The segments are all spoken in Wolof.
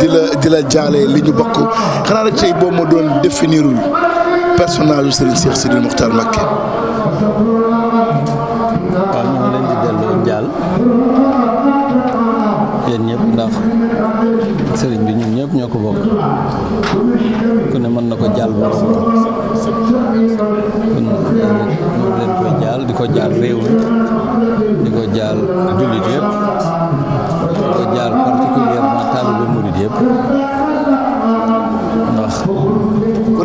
di la di la jaale li ñu bokk xanaa rek tey boo ma doon définirul personnage yu Serigne Cheikh Sidi waaw ñoo leen di delloo njaal yéen ñëpp ndax sëriñ bi ñun ñëpp ñoo ko bokk ku ne mën na ko jaal ba kon ñoo leen koy jaal di ko jaal réew mi.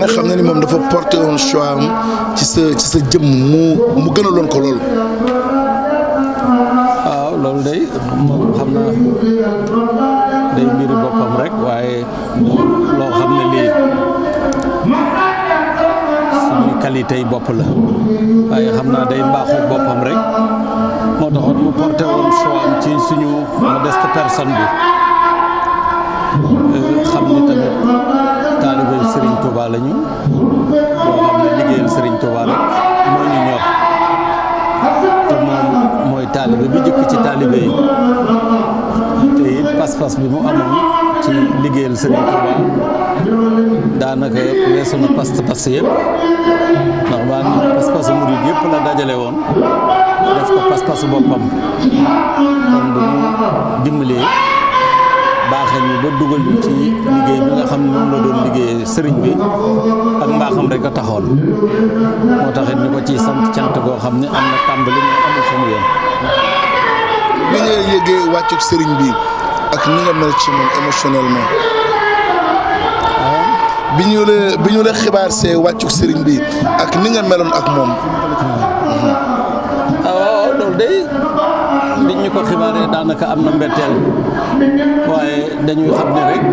ne xam na ni moom dafa porté woon choix ci sa ci sa jëmm mu mu ko ah, loolu. boppam rek waaye loo xam ne lii suñu qualité xam naa day mbaaxu boppam rek moo taxoon mu porté woon choix bi euh, xam ni tamit. Serigne Touba lañu boo xam ne liggéeyal Serigne Touba rek moo ñu ñor te moom mooy taalibe bi jëkk ci taalibe te it bi mu amoon ci liggéeyal Serigne Touba daanaka weesu na pas-pas yëpp ndax baan pas-pasu murid yëpp la dajale woon def ko pas-pasu boppam kon bu mu dimbalee baaxee ñu ba dugal ñu ci liggéey bi nga xam ne moom doon liggéey sëriñ bi ak mbaaxam rek a taxoon moo taxit ñu ko ciy sant cant goo xam ne am na tàmbali mu amul fa mu nga yëgee wàccug sëriñ bi ak ni nga mel ci moom émotionnellement ah. xibaar see wàccug sëriñ bi ak ni nga meloon ak moom ah. mhm. loolu day liñ ñu ko xibaaree daanaka am na mbetteel waaye dañuy xam ne rek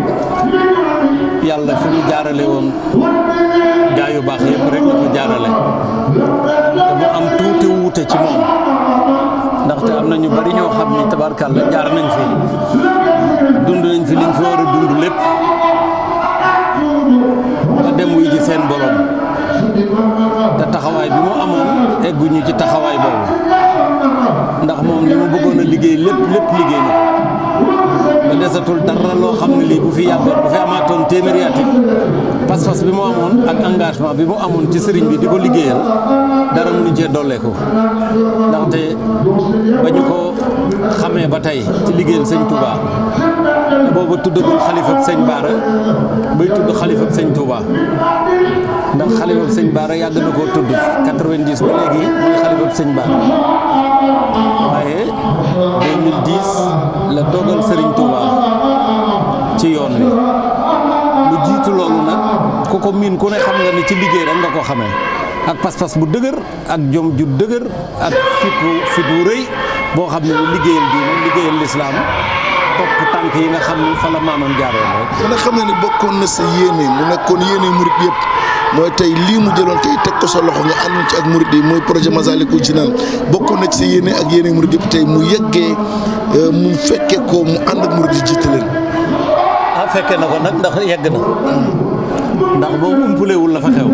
yàlla fi mu jaarale woon gaa yu baax yëpp rek la jaarale te mu am tuuti wuute ci moom ndaxte am na ñu bari ñoo xam ni tabarkàlla jaar nañ fi dund nañ fi liñ fi war a dund lépp ba dem wuy ji seen borom te taxawaay bi mu amoon egguñu ci taxawaay boobu ndax moom li mu bëggoon liggéey lépp lépp liggéey na desatul dara loo xam ne lii bu fi yàggoon bu fi amaatoon téeméeri at it bi mu amoon ak engagement bi mu amoon ci sëriñ bi di ko liggéeyal dara mu cee dolleeku ndaxte ba ñu ko xamee ba tey ci liggéeyal sëñ Touba booba tuddagul xalifab sëñ Baara bay tudd xalifab sëñ Touba ndax xalifab sëñ Baara yàgg na koo tudd 90 ba léegi mooy xalifab sëñ Baara waaye la dogal sëriñ ci yoon wi lu jiitu loolu nag ku ko miin ku ne xam nga ni ci liggéey rek nga ko xamee ak pas-pas bu dëgër ak jom ju dëgër ak fit wu wu rëy boo xam ne liggéeyal diine liggéeyal lislaam topp tànk yi nga xam ni fa la maamam jaaroon rek. ku ni bokkoon na sa yéene mu nekkoon yéene murit yëpp. mooy tey lii mu jëloon tey teg ko sa loxo nga ànd ci ak murid yi mooy projet Massalikul Jinaan bokk na ci sa yéene ak yéene murid yëpp tey mu yëggee euh, mu fekkee ko mu ànd ak murid yi jiite leen. ah fekkee na ko ndax yegg na ndax boo umpulewul la fa xew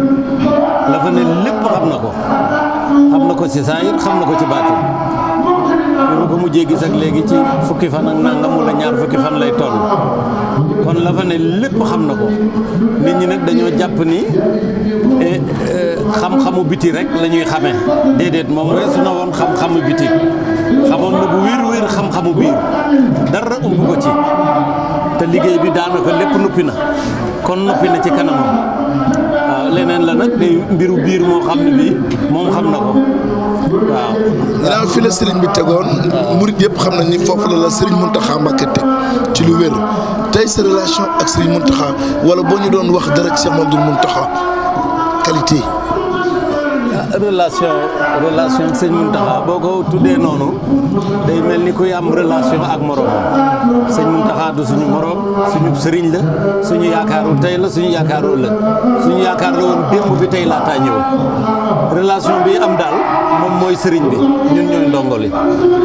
la fa ne lépp xam na ko xam na ko ci saa yit xam na ko ci baatin bi ma ko mujjee gis ak léegi ci fukki fan ak nangam wala ñaar fukki fan lay toll kon la fa ne lépp xam na ko nit ñi nag dañoo jàpp ni eh, eh, xam-xamu biti rek la ñuy xamee déedéet moom reesu na woon xam-xamu biti xamoon na bu wér-wér xam-xamu biir dara umb ko ci te liggéey bi daanaka lépp nuppi na kon nuppi na ci kanamam leneen la nag day mbiru biir moo xam ne bii moom xam na ko waaw. ginnaaw fi la sëriñ bi tegoon. murit yëpp xam nañ ni foofu la la sëriñ Mountakha Mbacké teg ci lu wér tey sa relation ak sëriñ Mountakha wala boo ñu doon wax dara ci Cheikh Mamadou Mountakha qualité. relation relation ak sëñ Mountakha boo ko tuddee noonu day mel ni kuy am relation ak moroomam sëñ Mountakha du suñu moroom suñu sëriñ la suñu yaakaaru tey la suñu yaakaaru ëllëg suñu yaakaar la woon démb bi tey laataa ñëw relation bi am daal moom mooy sëriñ bi ñun ñooy ndongoli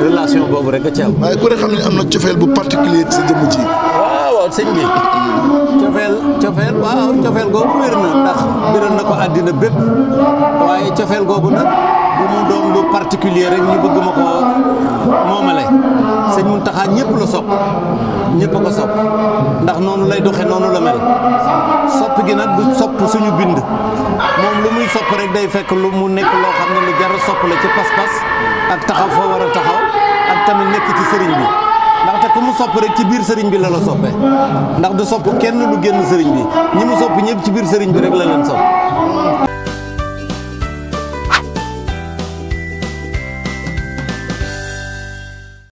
relation boobu rek a ci am. waaye ku ne xam na cofeel bu particulier ci sa jëmm ji. waaw sëñ bi. cofeel waaw cofeel googu wér ndax biral na ko àddina bépp waaye cofeel googu nag bu mu doon lu particulier rek ñu bëgg ko moomale sëñ Muntaxa ñëpp la sopp ñëpp a ko sopp ndax noonu lay doxe noonu la mel sopp gi nag du sopp suñu bind moom lu muy sopp rek day fekk lu mu nekk loo xam ne lu jar sopp la ci pas-pas ak taxaw foo war a taxaw ak tamit nekk ci sëriñ bi ndaxte ku mu sopp rek ci biir sëriñ bi la la soppe ndax du sopp kenn lu génn sëriñ bi ñi mu sopp ñëpp ci biir sëriñ bi rek la leen sopp